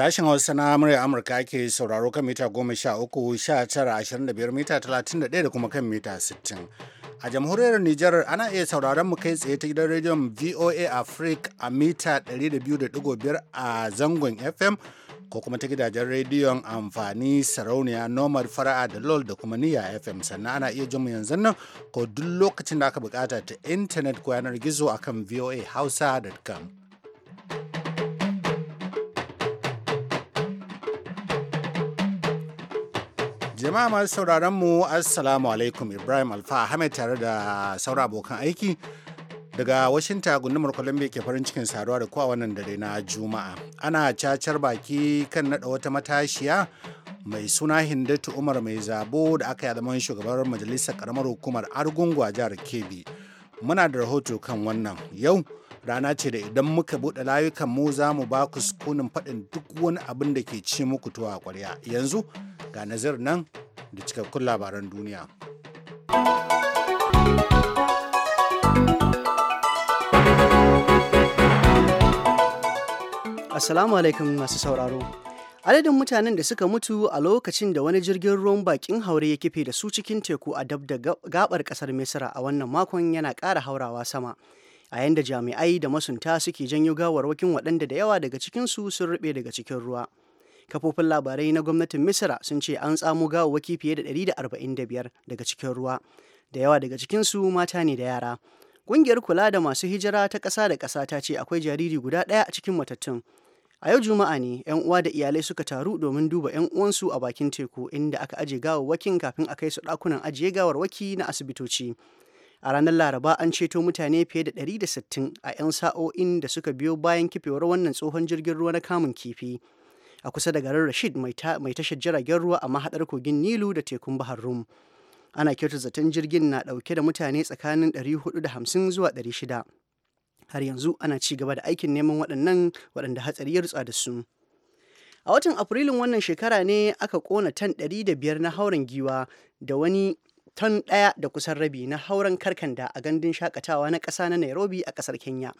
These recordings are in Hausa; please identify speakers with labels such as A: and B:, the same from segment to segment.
A: Sashen Hausa na murya Amurka ke sauraro kan mita goma sha uku, sha tara, ashirin mita talatin da kuma kan mita sittin. A jamhuriyar Nijar ana iya sauraron mu kai tsaye ta gidan rediyon VOA Africa a mita 200.5 a zangon FM ko kuma ta gidajen rediyon amfani sarauniya nomad fara'a da lol da kuma niya fm sannan ana iya jin mu yanzu nan ko duk lokacin da aka bukata ta intanet ko yanar gizo akan voahausa.com Jama'a masu sauraron mu Assalamu alaikum Ibrahim Alfa Ahmed tare da saura abokan aiki daga washinta gundumar Columbia ke farin cikin saduwa da kowa wannan dare na Juma'a. Ana cacar baki kan nada wata matashiya mai suna Hindatu Umar mai zabo da aka yi zaman shugabar majalisar karamar hukumar Argungu a jihar Kebbi. Muna da rahoto kan wannan yau. rana ce da idan muka buɗe layukan mu za mu ba ku sukunin faɗin duk wani abin da ke ci muku tuwa ƙwarya yanzu ga nazar nan da cikakkun labaran duniya
B: Assalamu alaikum masu sauraro adadin mutanen da suka mutu a lokacin da wani jirgin ruwan bakin haure ya kife da su cikin teku a dab da gabar kasar misira a wannan makon yana ƙara haurawa sama a yanda jami'ai da masunta suke janyo gawarwakin waɗanda da yawa daga cikinsu sun rube daga cikin ruwa kafofin labarai na gwamnatin misira sun ce an tsamo waki fiye da 145 daga cikin ruwa da yawa daga cikinsu mata ne da yara ƙungiyar kula da masu hijira ta ƙasa da ƙasa ta ce akwai jariri guda ɗaya a cikin matattun a yau juma'a ne 'yan uwa da iyalai suka taru domin duba 'yan uwansu a bakin teku inda aka aje wakin kafin a kai su ɗakunan ajiye gawarwaki na asibitoci a ranar laraba an ceto mutane fiye da 160 a 'yan sa'o'in da suka biyo bayan kifewar wannan tsohon jirgin ruwa na kamun kifi a kusa da garin rashid mai tashar jiragen ruwa a mahaɗar kogin nilu da tekun bahar rum ana kyautu zaton jirgin na ɗauke da mutane tsakanin 450 zuwa 600 har yanzu ana ci gaba da aikin neman waɗannan waɗanda hatsari ya rutsa da su a watan afrilun wannan shekara ne aka kona tan 105 na hauren giwa da wani ton ɗaya da kusan rabi na hauren karkanda a gandun shakatawa na ƙasa na Nairobi a ƙasar Kenya.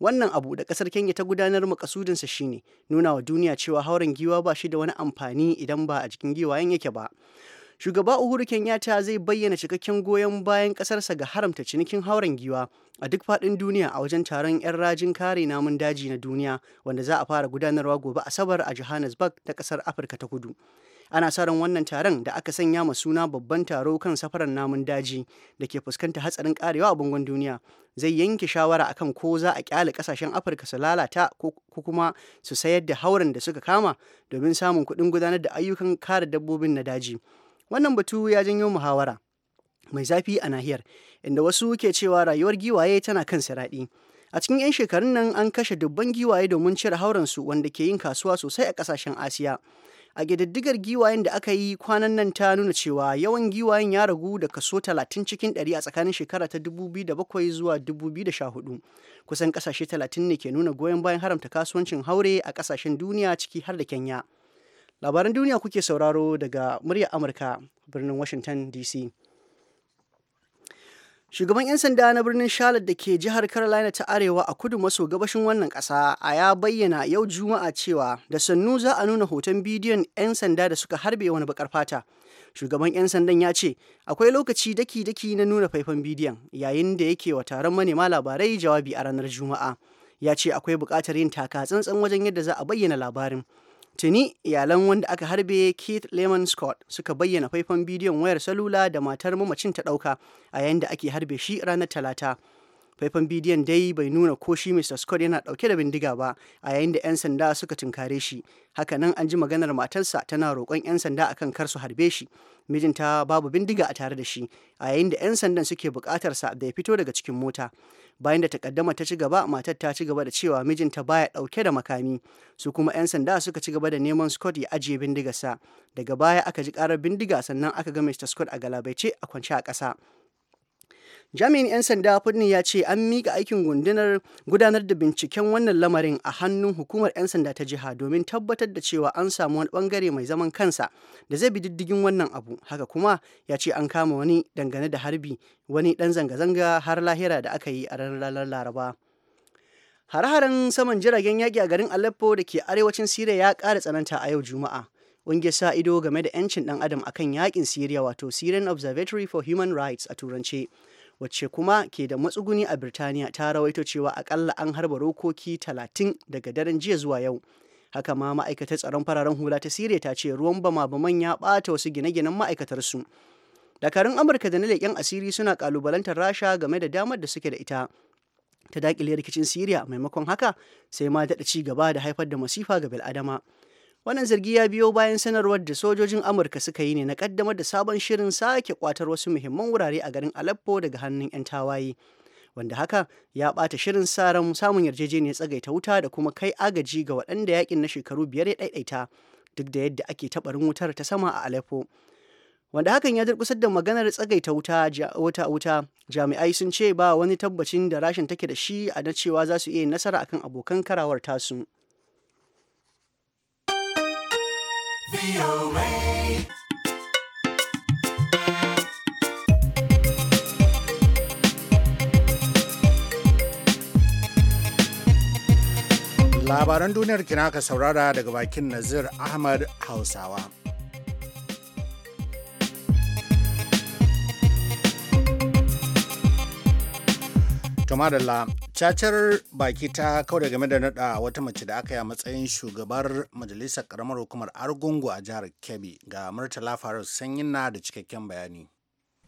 B: Wannan abu da ƙasar Kenya ta gudanar makasudinsa shine nuna wa duniya cewa hauren giwa ba shi da wani amfani idan ba a jikin giwayen yake ba. Shugaba Uhuru Kenyatta zai bayyana cikakken goyon bayan ƙasarsa ga haramta cinikin hauren giwa a duk faɗin duniya a wajen taron 'yan rajin kare namun daji na duniya wanda za a fara gudanarwa gobe Asabar a Johannesburg ta ƙasar Afirka ta Kudu. ana sa ran wannan taron da aka sanya ma suna babban taro kan safarar namun daji da ke fuskanta hatsarin karewa a bangon duniya zai yanke shawara akan ko za a kyale kasashen afirka su lalata ko kuma su sayar da hauren da suka kama domin samun kuɗin gudanar da ayyukan kare dabbobin na daji wannan batu ya janyo muhawara mai zafi a nahiyar inda wasu ke cewa rayuwar giwaye tana kan siraɗi a cikin 'yan shekarun nan an kashe dubban giwaye domin cire haurensu wanda ke yin kasuwa sosai a kasashen asiya a ƙididdigar giwayen da aka yi kwanan nan ta nuna cewa yawan giwayen ya ragu da kaso 30 cikin 100 a tsakanin shekara ta 2007 zuwa 2014 kusan ƙasashe 30 ne ke nuna goyon bayan haramta kasuwancin haure a ƙasashen duniya ciki har da kenya labaran duniya kuke sauraro daga muryar amurka birnin washington dc Shugaban 'yan sanda na birnin Charlotte da ke jihar Carolina ta Arewa a kudu maso gabashin wannan ƙasa a ya bayyana yau Juma'a cewa da sannu za a nuna hoton bidiyon 'yan sanda da suka harbe wani bakar fata. Shugaban 'yan sandan ya ce akwai lokaci daki-daki na nuna faifan bidiyon yayin da yake wa taron manema labarai jawabi a ranar Juma'a. Ya ce akwai buƙatar yin taka tsantsan wajen yadda za a bayyana labarin. Tuni iyalan wanda aka harbe Keith Lemon Scott suka bayyana faifan bidiyon wayar salula da matar mamacin ta ɗauka a yayin da ake harbe shi ranar Talata. Faifan bidiyon dai bai nuna ko shi Mr. Scott yana ɗauke da bindiga ba a yayin da 'yan sanda suka tunkare shi. Hakanan an ji maganar matarsa tana roƙon 'yan sanda akan kar su harbe shi. Mijinta babu bindiga a tare da shi a yayin da 'yan sandan suke bukatarsa da ya fito daga cikin mota. bayan da takaddama ta ci gaba matar ta ci gaba da cewa mijinta baya dauke da makami su kuma 'yan sanda suka ci gaba da neman scott ya ajiye bindigarsa daga baya aka ji karar bindiga sannan aka ga mr scott a galabaice a kwance a ƙasa jami'in 'yan sanda fudni ya ce an mika aikin gundunar gudanar da binciken wannan lamarin a hannun hukumar 'yan sanda ta jiha domin tabbatar da cewa an samu wani bangare mai zaman kansa da zai bi diddigin wannan abu haka kuma ya ce an kama wani dangane da harbi wani dan zanga-zanga har lahira da aka yi a ranar laraba hare-haren saman jiragen yaƙi a garin aleppo da ke arewacin siriya ya ƙara tsananta a yau juma'a ƙungiyar sa ido game da 'yancin ɗan adam akan yaƙin siriya wato syrian observatory for human rights a turance wacce kuma ke da matsuguni a Birtaniya ta rawaito cewa akalla an harba rokoki 30 daga daren jiya zuwa yau. Haka ma ma'aikatar tsaron fararen hula ta Siriya ta ce ruwan bama-baman ya bata wasu gine-ginen ma'aikatar su, Dakarun Amurka da na leƙen asiri suna kalubalantar Rasha game da damar da suke da ita. Ta daƙile rikicin Siriya maimakon haka sai ma daɗa ci gaba da haifar da masifa ga bil'adama. Wannan zargi ya biyo bayan sanarwar da sojojin Amurka suka yi ne na kaddamar da sabon shirin sake kwatar wasu muhimman wurare a garin Aleppo daga hannun 'yan tawaye. Wanda haka ya ɓata shirin saran samun yarjejeniyar tsagaita wuta da kuma kai agaji ga waɗanda yakin na shekaru biyar ya ɗaiɗaita duk da yadda ake taɓarin wutar ta sama a Aleppo. Wanda hakan ya durkusar da maganar tsagaita wuta wuta wuta jami'ai sun ce ba wani tabbacin da rashin take da shi a na cewa za su iya nasara akan abokan karawar tasu.
A: Labaran duniyar kina ka saurara daga bakin Nazir Ahmad Hausawa. Madalla, cacar baki ta da game da nada wata mace da aka yi a matsayin shugabar majalisar karamar hukumar Argungu a jihar Kebbi ga Murtala Faruk sanyin na da cikakken bayani.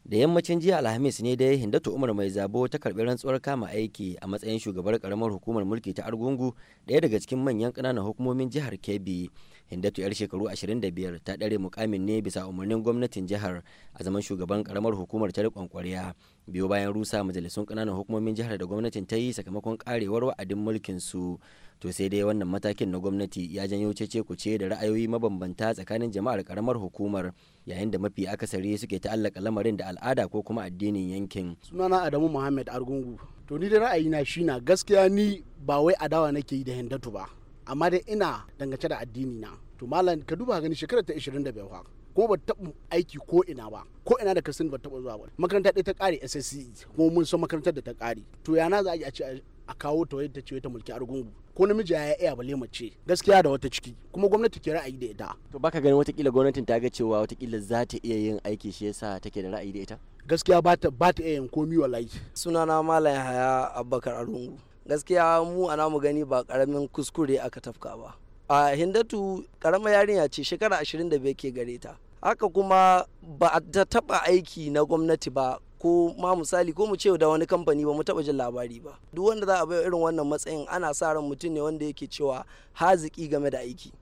C: da yammacin jiya alhamis ne dai hindatu umar mai zabo ta karbi rantsuwar kama aiki a matsayin shugabar karamar hukumar mulki ta argungu ɗaya daga cikin manyan ƙananan hukumomin jihar kebbi hindatu yar shekaru 25 ta ɗare mukamin ne bisa umarnin gwamnatin jihar a zaman shugaban karamar hukumar ta riƙon kwarya biyo bayan rusa majalisun kananan hukumomin jihar da gwamnatin ta yi sakamakon karewar wa'adin mulkin su to sai dai wannan matakin na gwamnati ya janyo cece ce da ra'ayoyi mabambanta tsakanin jama'ar karamar hukumar yayin da mafi akasari suke ta'allaka lamarin da al'ada ko kuma addinin yankin
D: sunana adamu muhammad argungu to ni da ra'ayina shi na gaskiya ni ba wai adawa nake yi da hindatu ba amma dai ina dangance da addini na to malam ka duba gani shekarar ta 25 fa kuma ba taɓa aiki ko ina ba ko ina da kasin ba taɓa zuwa ba makaranta ɗaya ta ƙare ssc kuma mun san makarantar da ta ƙare to ya na za a yi a ce a kawo ta ta ce ta mulki argungu ko namiji ya iya bale mace gaskiya da wata ciki kuma gwamnati ke ra'ayi da
C: ita to baka ganin watakila gwamnatin ta ga cewa watakila za ta iya yin aiki shi yasa take da ra'ayi da ita gaskiya ba ta iya yin komi wallahi sunana malam haya abubakar argungu gaskiya mu ana mu gani ba karamin kuskure aka tafka ba a hindatu karama yarinya ce shekara 25 ke gareta haka kuma ba ta taba aiki na gwamnati ba ko ma misali ko mu ce da wani kamfani ba mu taba jin labari ba duk wanda za a bai irin wannan matsayin ana sa ran mutum ne wanda yake cewa haziki game da aiki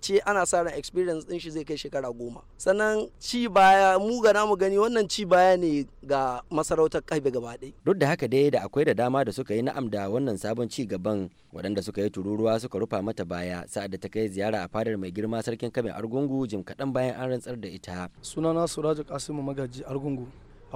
C: ce ana sa ran experience din shi zai kai shekara goma sannan ci baya mu ga namu gani wannan ci baya ne ga masarautar kaibe gaba ɗaya duk da haka dai da akwai da dama da suka yi na'am da wannan sabon ci gaban wadanda suka yi tururuwa suka rufa mata baya sa'ad da ta kai ziyara a fadar mai girma sarkin kamen argungu jim kaɗan bayan an rantsar da ita
D: sunana suraju kasimu magaji argungu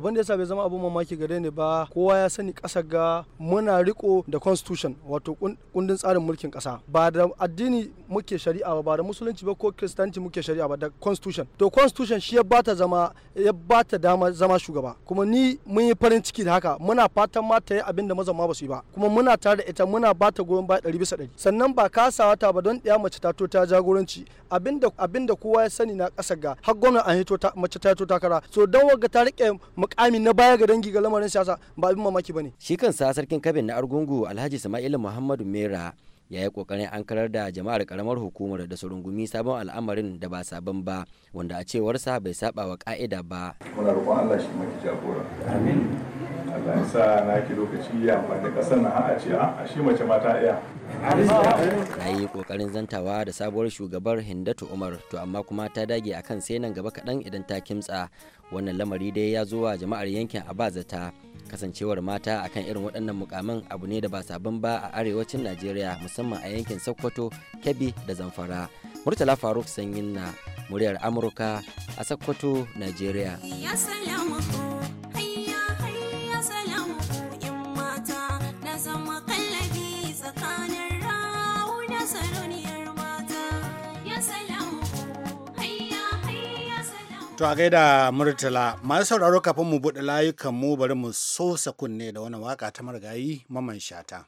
D: abin da yasa bai zama abin mamaki gare ni ba kowa ya sani ƙasar ga muna riko da constitution wato kundin tsarin mulkin kasa. ba da addini muke shari'a ba da musulunci ba ko kristanci muke shari'a ba da constitution to constitution shi ya bata zama ya bata dama zama shugaba kuma ni mun yi farin ciki da haka muna fatan ma ta yi abin da mazan ba su yi ba kuma muna tare da ita muna bata goyon baya ɗari bisa ɗari sannan ba kasawa ta ba don ɗaya mace ta to ta jagoranci abinda abinda kowa ya sani na ƙasar ga har gwamnati an hito mace ta to takara so don wagga ta riƙe mukami na baya ga dangi ga lamarin siyasa ba abin mamaki bane
C: shi kan sa sarkin kabin na argungu alhaji sama'ila muhammadu mera ya yi kokarin an karar da jama'ar karamar hukumar da su rungumi sabon al'amarin da ba sabon ba wanda a cewarsa bai saba wa ka'ida ba muna roƙon Allah shi maki jagora amin
B: Allah sa na ki lokaci ya amfani kasar na a ce ah, a shi mace mata iya
C: na yi kokarin zantawa da sabuwar shugabar hindatu umar to amma kuma ta dage akan sai nan gaba kaɗan idan ta kimtsa wannan lamari dai ya zo wa jama'ar yankin a bazata kasancewar mata akan irin waɗannan mukamin abu ne da ba sabon ba a arewacin najeriya musamman a yankin sokoto kebbi da zamfara murtala faruk sanyin na muryar amurka a sokoto najeriya
A: To a gaida Murtala, masu sauraro kafin mu buɗe layukan mu bari mu sosa kunne da wani waka ta marigayi maman shata.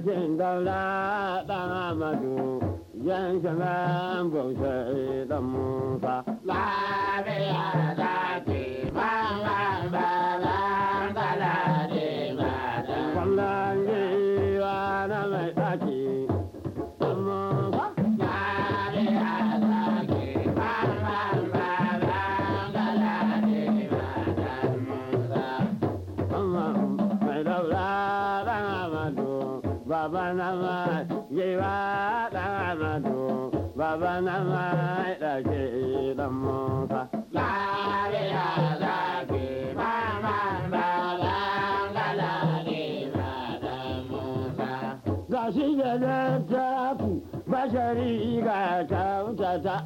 E: Jan daula ɗan Amadu yan
F: shaman musa lafiya da ke ban ban
E: baba na mai ɗauke idan musa. Lariya
F: zaki musa.
E: shi da littafi bashari ga kyautata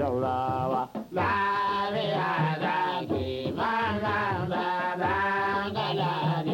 E: daurawa. Lariya
F: zaki maman baba gala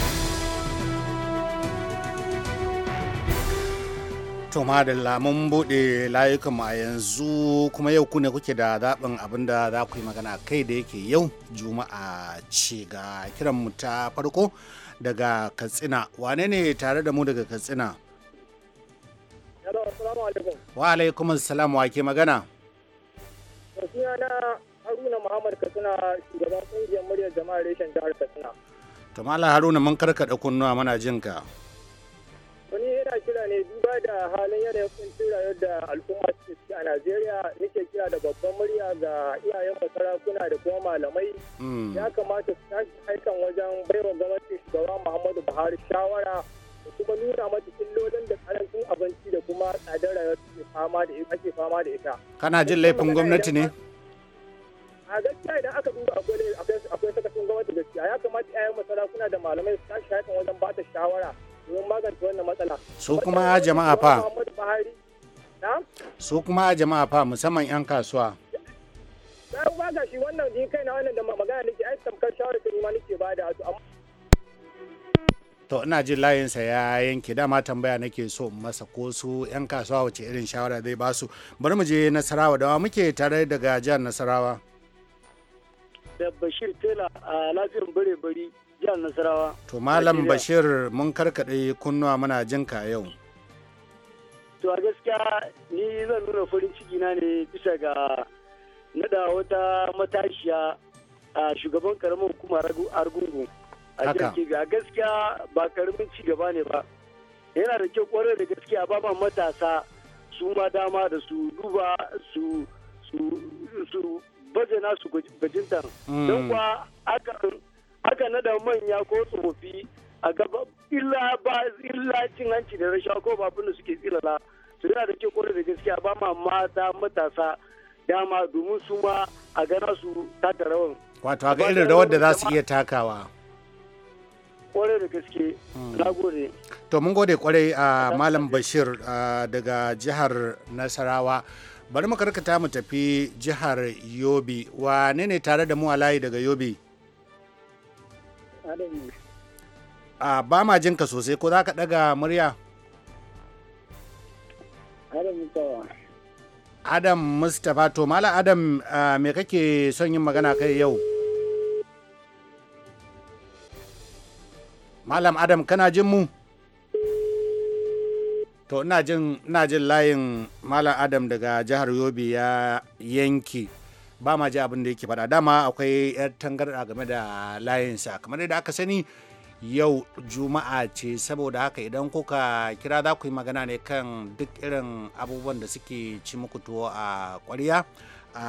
G: to
A: madalla mun buɗe layukanmu a yanzu kuma yau ku ne kuke da zaɓin abin da za ku yi magana kai da yake yau juma'a ce ga kiranmu ta farko daga katsina wane ne tare da mu daga katsina wa alaikum salam wa ke magana
E: haruna muhammad katsina shugaban kungiyar muryar jama'ar reshen jihar katsina
A: to haruna mun karkaɗa kunnuwa mana jinka
E: ina kira ne duba da halin yanayin kuncin rayuwar da al'umma ke ciki a Najeriya nake kira da babban murya ga iyayen kuna da kuma malamai. Mm. Ya kamata su tashi aikan wajen baiwa gwamnati
A: shugaba Muhammadu Buhari shawara da kuma nuna mata illolin da karancin abinci da kuma
E: tsadar rayuwar ke fama da ita. fama da ita.
A: Kana jin laifin gwamnati ne?
E: a gaskiya idan aka duba akwai sakacin gwamnati gaskiya ya kamata iyayen masara kuna da malamai su tashi aikan wajen ba ta shawara domin magance
A: su kuma jama'a fa su kuma jama'a fa musamman 'yan kasuwa to ina jin layinsa ya yanke dama tambaya nake so masa ko su 'yan kasuwa wace irin shawara zai basu. bari mu je nasarawa dawa muke tare daga jihar nasarawa
E: da bashir tela a lafiyar bare bari jihar Nasarawa. To
A: Malam Bashir mun karkaɗe kunnuwa muna jinka yau.
D: To a gaskiya ni zan nuna farin ciki na ne bisa ga nada wata matashiya a shugaban karamin hukumar argungu a gaskiya ba karamin ci gaba ne ba yana da kyau kwarar da gaskiya ba ma matasa su ma dama da su duba su su baje
E: su bajintan mm. don kuwa akan haka na da manya ko tsofi
D: a gaba illa ba illa cin hanci da rashawa ko babun da suke tsilala su yana da ke kore da gaskiya ba ma mata matasa dama domin su ma a gana su taka rawan
A: wato a ga irin rawar da za su iya takawa kore da gaske hmm. na gode to mun gode kwarai uh, a malam bashir uh, daga jihar nasarawa bari mu karkata mu tafi jihar yobe wa ne tare da mu a layi daga yobe a ba ma jin ka sosai ko za ka daga murya adam mustapha to mala adam me kake son yin magana kai yau malam adam kana jin mu to ina jin layin malam adam daga jihar yobe ya yanki ba ma ji abin da yake faɗa dama akwai 'yar tangarɗa game da layinsa kamar yadda aka sani yau juma'a ce saboda haka idan kuka kira za ku yi magana ne kan duk irin abubuwan da suke ci muku tuwo a kwarya a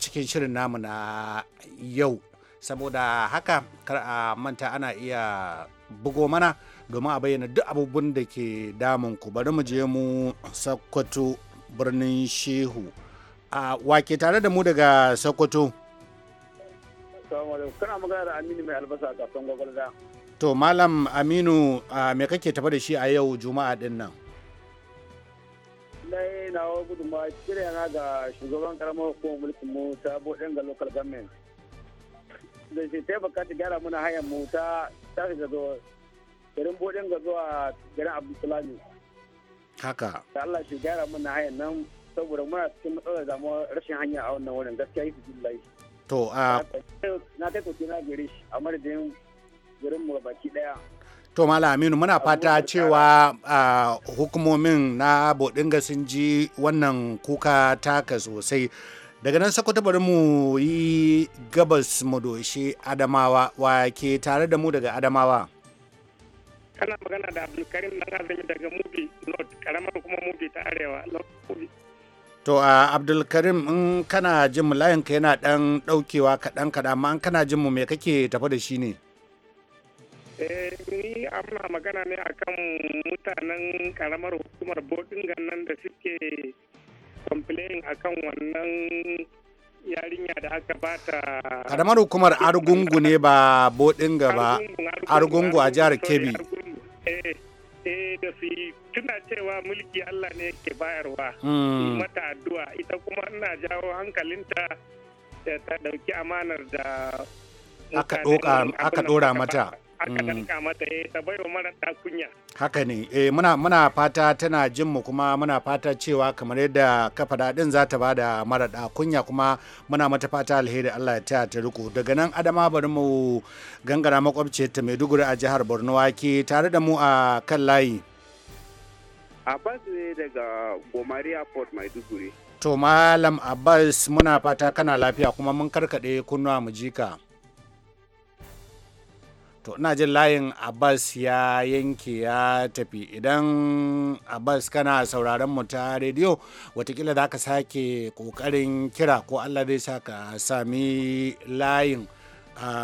A: cikin shirin namu na yau saboda haka kar a manta ana iya bugo mana domin a bayyana duk abubuwan da ke damun ku bari mu je mu sakkwato birnin shehu a wake tare da mu daga sokoto
E: kana magana da aminu mai albasa a kasuwan gwagwalda
A: to malam aminu me kake tafa da shi a yau juma'a din nan
E: lai na wa ba shirya na ga shugaban karamar hukumar mulkin mu ta bude ga local government da shi ta yi ta gyara muna hayan mu ta tashi da zuwa garin bodin ga zuwa garin abdulsalami haka da Allah shi gyara muna hayan nan saboda muna cikin matsalar damuwa rashin hanya a wannan wurin gaskiya yi su To a. Na kai kuke na gari shi a madadin garin mu baki daya.
A: To Mala Aminu muna fata cewa hukumomin na Bodinga sun ji wannan kuka taka sosai. Daga nan sakwata bari mu yi gabas mu doshi Adamawa wa ke tare da mu daga Adamawa.
G: Kana magana da Abdulkarim Nagazami daga Mubi North, karamar kuma Mubi ta
E: Arewa,
A: To a Abdulkarim in kana jin mu layin ka yana dan daukewa kaɗan kaɗan amma in kana jin mu me kake tafa da shi ne?
G: Eh, ni amma magana ne akan mutanen karamar hukumar Bodingan nan da suke complain akan wannan yarinya da aka bata. Karamar
A: hukumar Argungu ne ba Bodinga ba, Argungu a jihar Kebbi. Eh. eh da su
G: tuna cewa mulki Allah ne yake bayarwa hmm. mata addu'a ita kuma ina jawo hankalinta ta dauki amanar da aka ɗora mata aka mm. eh,
A: haka ne eh, muna muna fata tana jin mu kuma muna fata cewa kamar yadda ka daɗin din za ta bada mara kunya kuma muna mata fata alheri Allah ya taya ta riko daga nan adama bari mu gangara makwabce ta Maiduguri a jihar Borno wake tare da mu a kan layi
G: Abbas ne daga Gomaria Port Maiduguri
A: to malam Abbas muna fata kana lafiya kuma mun karkade kunnuwa mu jika to ina jin layin abbas ya yanke ya tafi idan abbas kana sauraron mu ta rediyo watakila za ka sake kokarin kira ko allah zai sa ka sami layin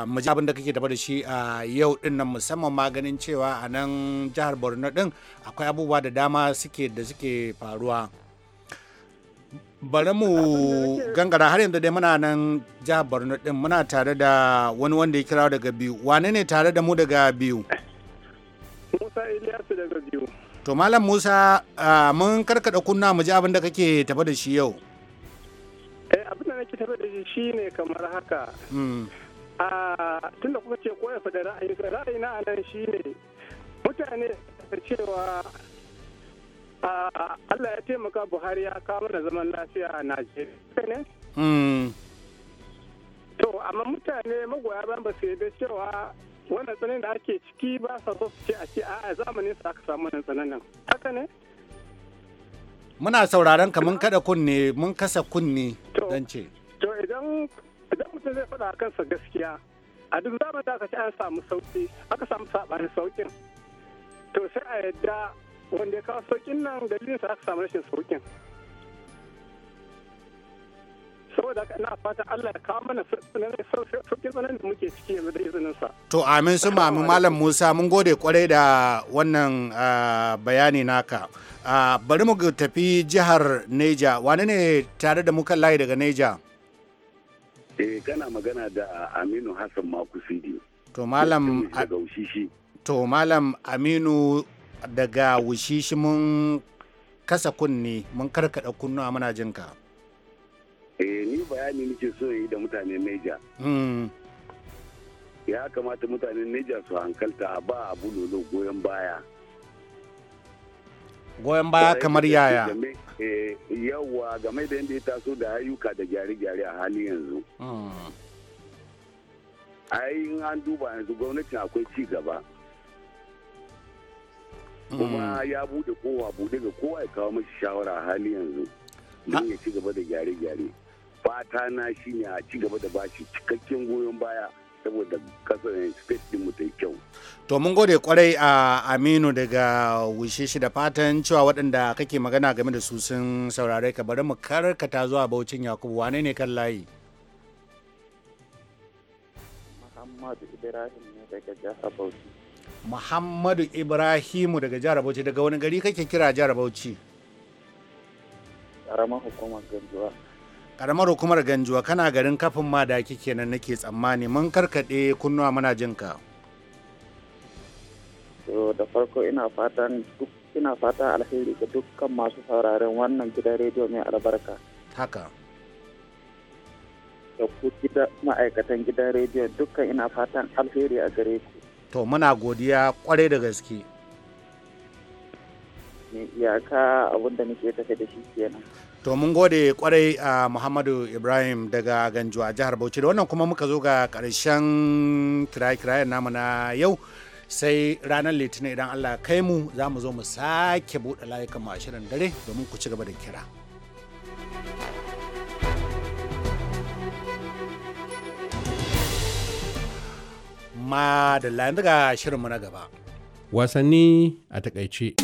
A: mu abin da kake tafa da shi a yau din nan musamman maganin cewa a nan jihar borno din akwai abubuwa da dama suke da suke faruwa bari mu gangara har yanzu dai muna nan jihar borno din muna tare da wani wanda ya kira daga biyu wane ne tare da mu daga biyu musa iliyasu daga biyu to malam musa mun karkada kunna mu ji abin da kake tafa da shi yau eh
E: abin da nake tafa da shi shine kamar
D: haka hmm. a tunda kuka ce koya fada ra'ayi ra'ayi na anan shine mutane cewa Allah ya
A: taimaka Buhari ya kawo da zaman lafiya a Najeriya ne? Hmm. To, amma mutane magoya ban ba su yi cewa wannan tsanin da ake ciki ba
E: sa so su ce a ce a zamanin su aka samu wannan tsananin. Haka ne?
A: Muna sauraron ka mun kada kunne mun kasa kunne don ce.
E: To idan idan mutum zai faɗa kansa gaskiya a duk zamanin da aka ce an samu sauki aka samu saɓanin
A: saukin to sai a yadda wanda ya kawo saukin nan dalilin sa aka samu rashin saukin saboda haka ina fata Allah ya kawo
E: mana saukin tsanan da muke ciki yanzu da izinin sa
A: to amin su mamu malam Musa mun gode kwarai da wannan ah, bayani naka ah, bari mu tafi jihar Neja wani ne tare da muka layi daga Neja eh kana magana da ah, Aminu Hassan Makusidi to malam to malam Aminu daga wushishi mun kasa kunne mun karkada a muna jinka.
E: Eh ni bayani nake so yi da mutane Neja. Hmm. Ya kamata mutanen Neja su hankalta a ba abu lolo goyon baya.
A: Goyon baya kamar yaya?
E: Eh, Yawwa game da yadda ya taso da ayyuka da gyare-gyare a hali yanzu. Hmm. Ai in an duba yanzu gwamnati akwai ci gaba. kuma mm. ya bude kowa bude ga kowa ya kawo mashi shawara a hali yanzu don ya ci gaba da gyare-gyare fata na shi ne a ci gaba da bashi cikakken goyon baya saboda kasar eh, space din mu kyau
A: to mun gode kwarai a aminu daga wishe shi da fatan cewa waɗanda kake magana game da su sun saurare ka bari mu karkata zuwa baucin yakubu wane ne kan layi
F: muhammadu ibrahim ne daga jihar bauchi
A: muhammadu ibrahimu daga jihar bauchi daga wani gari kake kira jihar bauchi
F: karamar hukumar ganjuwa
A: karamar hukumar ganjuwa kana garin kafin ma da kike nake tsammani mun karkade kunnuwa muna jin ka
F: to da farko ina fatan duk ina fata alheri ga dukkan masu sauraron wannan gidan rediyo mai albarka haka da ku
E: gida ma'aikatan gidan rediyo dukkan ina fatan alheri a gare ku
A: to muna godiya kwarai da gaske
F: iyaka abin da nake da
C: shi kenan
A: to mun gode kwarai a muhammadu ibrahim daga ganjuwa jihar bauchi da wannan kuma muka zo ga karshen kiraye-kirayen namu na yau sai ranar litinin idan allah kai mu za mu zo mu sake buɗe layukan mu a shirin dare domin ku ci gaba da kira da yanzu shirin shirinmu na gaba wasanni a takaice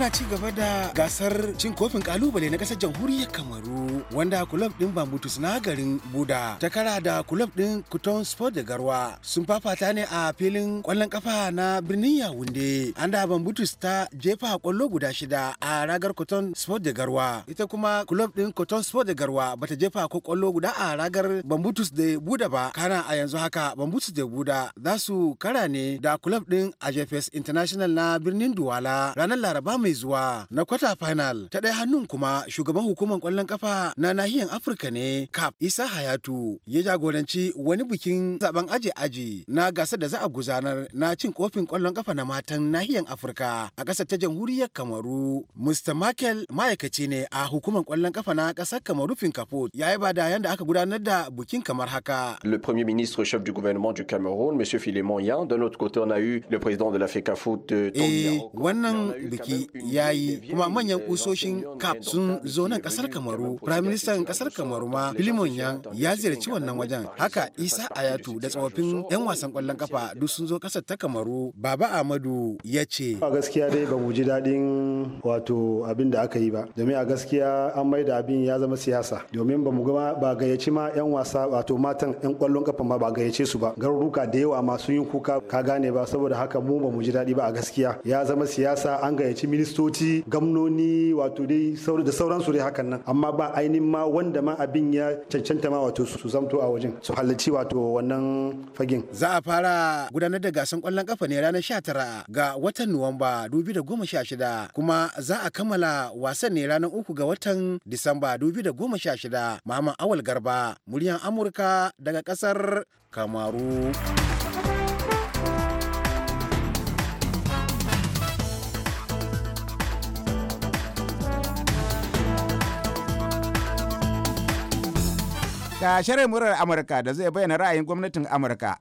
D: ana ci gaba da gasar cin kofin kalubale na kasar jamhuriyar kamaru wanda kulob din bambutus na garin buda ta kara da kulob din kuton sport da garwa sun fafata ne a filin kwallon kafa na birnin yawunde an da bambutus ta jefa kwallo guda shida a ragar kuton sport da garwa ita kuma kulob din kuton sport da garwa bata jefa ko kwallo guda a ragar bambutus da buda ba kana a yanzu haka bambutus da buda za su kara ne da kulob din ajfs international na birnin duwala ranar laraba mai mai zuwa na kwata final ta ɗaya hannun kuma shugaban hukumar kwallon kafa na nahiyar afirka ne cap isa hayatu ya jagoranci wani bikin zaben aji aji na gasar da za a gudanar na cin kofin kwallon kafa na matan nahiyar afirka a ƙasar ta jamhuriyar kamaru mr michael ma'aikaci ne a hukumar kwallon kafa na ƙasar kamaru finkafo ya yi ba da yadda aka gudanar da bikin kamar haka
C: le premier ministre chef du gouvernement du cameroun monsieur philemon yan de notre côté on a eu le président de la fecafoot euh, eh,
D: wannan biki ya yi kuma manyan kusoshin cap sun zo nan kasar kamaru firaministan kasar kamaru ma filimon yan ya ziyarci wannan wajen haka isa ayatu da tsofaffin yan wasan kwallon kafa duk sun zo kasar ta kamaru baba amadu ya ce
A: a gaskiya dai ba mu ji daɗin wato abin da aka yi ba domin a gaskiya an mai da abin ya zama siyasa domin ba mu ga ba gayyaci ma yan wasa wato matan
D: yan kwallon kafa ma ba gayyace su ba garuruka da yawa masu yin kuka ka gane ba saboda haka mu ba mu ji daɗi ba a gaskiya ya zama siyasa an gayyaci ministoci gamnoni wato dai da sauransu dai hakan nan amma ba ainihin ma wanda ma abin ya cancanta ma wato su zamto a wajen su halarci wato wannan fagen za a fara gudanar da gasan kwallon kafa ne ranar 19 ga watan nuwamba 2016 kuma za a kammala wasan ne ranar 3 ga watan disamba 2016 muhammad awal garba muryan amurka daga kasar kamaru
G: Ga shirin murar Amurka da zai bayyana ra'ayin gwamnatin Amurka.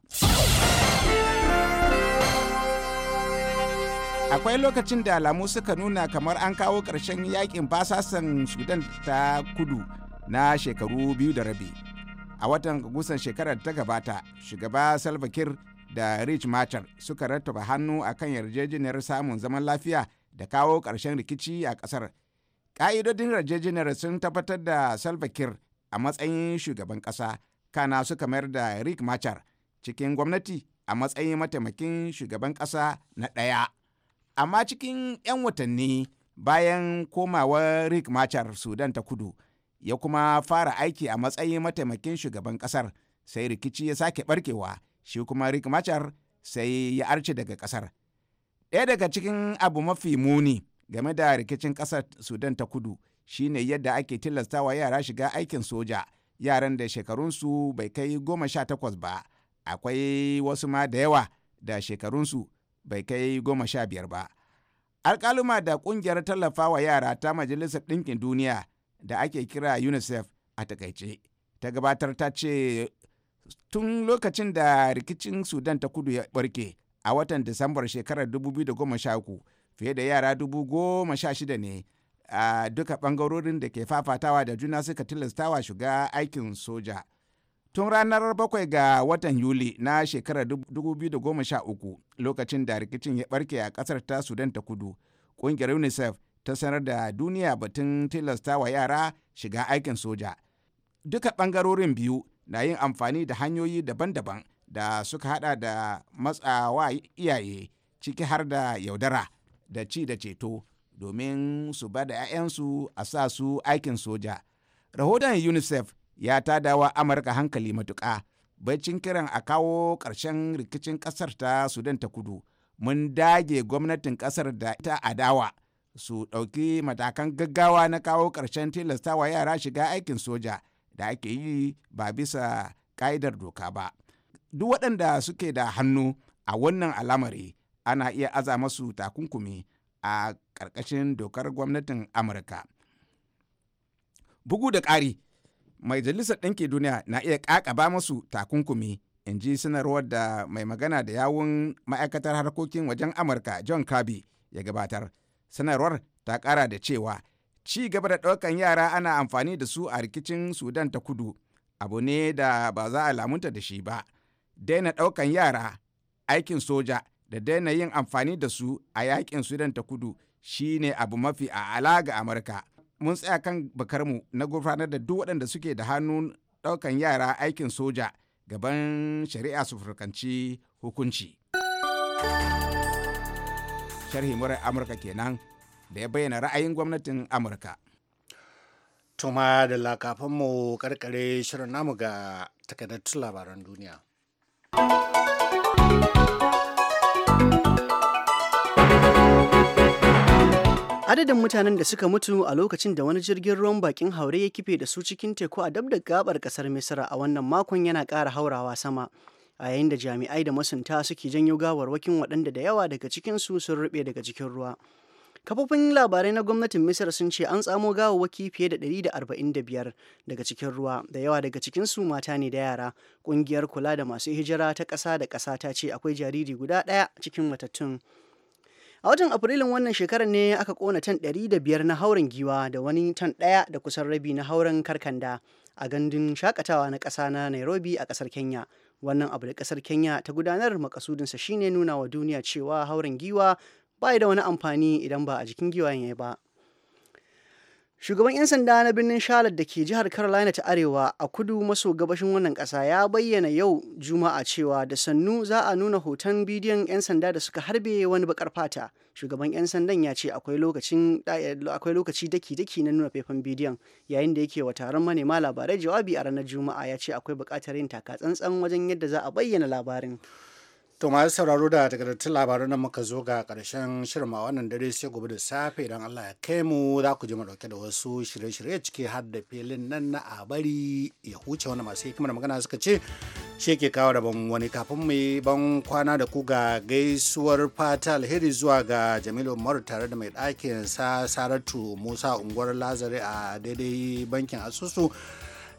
G: akwai lokacin da alamu suka nuna kamar an kawo ƙarshen yakin basasan sudan ta kudu na shekaru biyu da rabi a watan gusan shekarar ta gabata shugaba salva da rich machar suka rattaba hannu a kan yarjejeniyar samun zaman lafiya da kawo ƙarshen rikici a ƙasar ƙa'idodin yarjejeniyar sun tabbatar da salva a matsayin shugaban ƙasa kana suka mayar da rick machar cikin gwamnati a matsayin mataimakin shugaban ƙasa na ɗaya amma cikin 'yan watanni bayan komawa rick machar sudan ta kudu ya kuma fara aiki a matsayin mataimakin shugaban ƙasar sai rikici ya sake barkewa shi kuma rick machar sai ya arce daga ƙasar ɗaya daga cikin abu mafi muni game da rikicin ƙasar sudan ta kudu shine yadda ake tilastawa yara shiga aikin soja yaran da shekarunsu bai kai goma sha takwas ba akwai wasu ma da yawa da shekarunsu bai kai goma sha biyar ba alkaluma da kungiyar tallafa wa yara ta majalisar ɗinkin duniya da ake kira unicef a takaice ta gabatar ta ce tun lokacin da rikicin sudan ta kudu ya barke a watan disambar shekarar 2013 fiye da yara 16,000 ne a duka bangarorin da ke fafatawa da juna suka tilastawa shiga aikin soja tun ranar bakwai ga watan yuli na shekarar 2013 lokacin da rikicin ya barke a kasar ta sudan ta kudu kungiyar unicef ta sanar da duniya batun tilastawa yara shiga aikin soja duka bangarorin biyu na yin amfani da hanyoyi daban-daban da suka hada da matsawa iyaye ciki har da yaudara da ci da ceto domin su ba da 'ya'yansu a sa su aikin soja. Rahoton UNICEF ya tadawa Amurka hankali matuƙa. Baicin kiran a kawo ƙarshen rikicin ƙasar ta Sudan ta kudu, mun dage gwamnatin ƙasar da ta adawa su ɗauki matakan gaggawa na kawo ƙarshen tilastawa yara shiga aikin soja da ake yi ba bisa ƙa'idar doka ba. Duk waɗanda suke da hannu a wannan al'amari ana iya aza masu takunkumi a ƙarƙashin dokar gwamnatin amurka bugu da ƙari majalisar ɗinki duniya na iya ƙaƙaba masu takunkumi in ji sanarwar da mai magana da yawun ma'aikatar harkokin wajen amurka john kirby ya gabatar sanarwar ta ƙara da cewa ci gaba da ɗaukan yara ana amfani da su a rikicin sudan ta kudu abu ne da ba za a lamunta da shi ba daina ɗaukan yara aikin soja da daina yin amfani da su a yakin sudan ta kudu shine abu mafi a'ala ga amurka mun tsaya kan bakarmu na gurfanar da duk waɗanda suke da hannun ɗaukan yara aikin soja gaban shari'a su furkanci hukunci sharhi mura amurka kenan da ya bayyana ra'ayin gwamnatin amurka tuma da lakafinmu karkare shirin namu ga takaddatun
A: labaran duniya.
B: Adadin mutanen da suka mutu a lokacin da wani jirgin ruwan bakin haure ya kife da su cikin teku a dab da gabar kasar misira a wannan makon yana ƙara haurawa sama. A yayin da jami'ai da masunta suke janyo gawarwakin waɗanda da yawa daga cikinsu sun ruɓe daga cikin ruwa. Kafofin labarai na gwamnatin misira sun ce an tsamo gawawwaki fiye da ɗari da da arba'in biyar daga cikin ruwa, da yawa daga cikin su mata ne da yara. Ƙungiyar kula da masu hijira ta ƙasa da ƙasa ta ce akwai jariri guda ɗaya cikin matattun. a watan afrilun wannan shekarar ne aka kona tan 105 na hauren giwa da wani tan ɗaya da kusan rabi na hauren karkanda a gandun shakatawa na ƙasa na nairobi a ƙasar kenya wannan abu da ƙasar kenya ta gudanar makasudinsa shine nuna wa duniya cewa hauren giwa ba da wani amfani idan ba a jikin giwayen ya ba Shugaban 'yan sanda na birnin Charlotte da ke jihar Carolina ta Arewa a kudu maso gabashin wannan ƙasa ya bayyana yau Juma'a cewa da sannu za a nuna hoton bidiyon 'yan sanda da suka harbe wani bakar fata. Shugaban 'yan sandan ya ce akwai lokaci daki-daki na nuna faifan bidiyon yayin da yake wa taron manema labarai jawabi a ranar Juma'a ya ce akwai bukatar yin taka tsantsan wajen yadda za a bayyana labarin. To masu sauraro da takardattun labaran nan muka zo ga
A: karshen shirin wannan dare sai gobe da safe idan Allah ya kai mu za ku ji mu dauke da wasu shirye-shirye ciki har da filin nan na abari ya huce wani masu hikimar magana suka ce shi ke kawo da ban wani kafin mu ban kwana da ku ga gaisuwar fata alheri zuwa ga Jamilu Umar tare da mai ɗakin sa Saratu Musa unguwar Lazare a daidai bankin Asusu.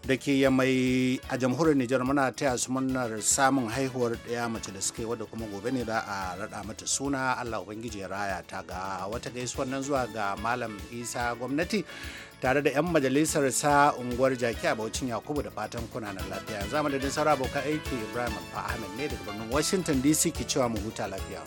A: da ke mai a jamhuriyar Nijar muna taya su munar samun haihuwar ɗaya mace da suke wadda kuma gobe ne za a raɗa mata suna Allah Ubangiji ya raya ta ga wata gaisuwar nan zuwa ga Malam Isa gwamnati tare da 'yan majalisar sa unguwar jaki a bauchin Yakubu da fatan kuna na lafiya. Zama da sauran abokan aiki Ibrahim Alfa Ahmed ne daga birnin Washington DC ke cewa mu huta lafiya.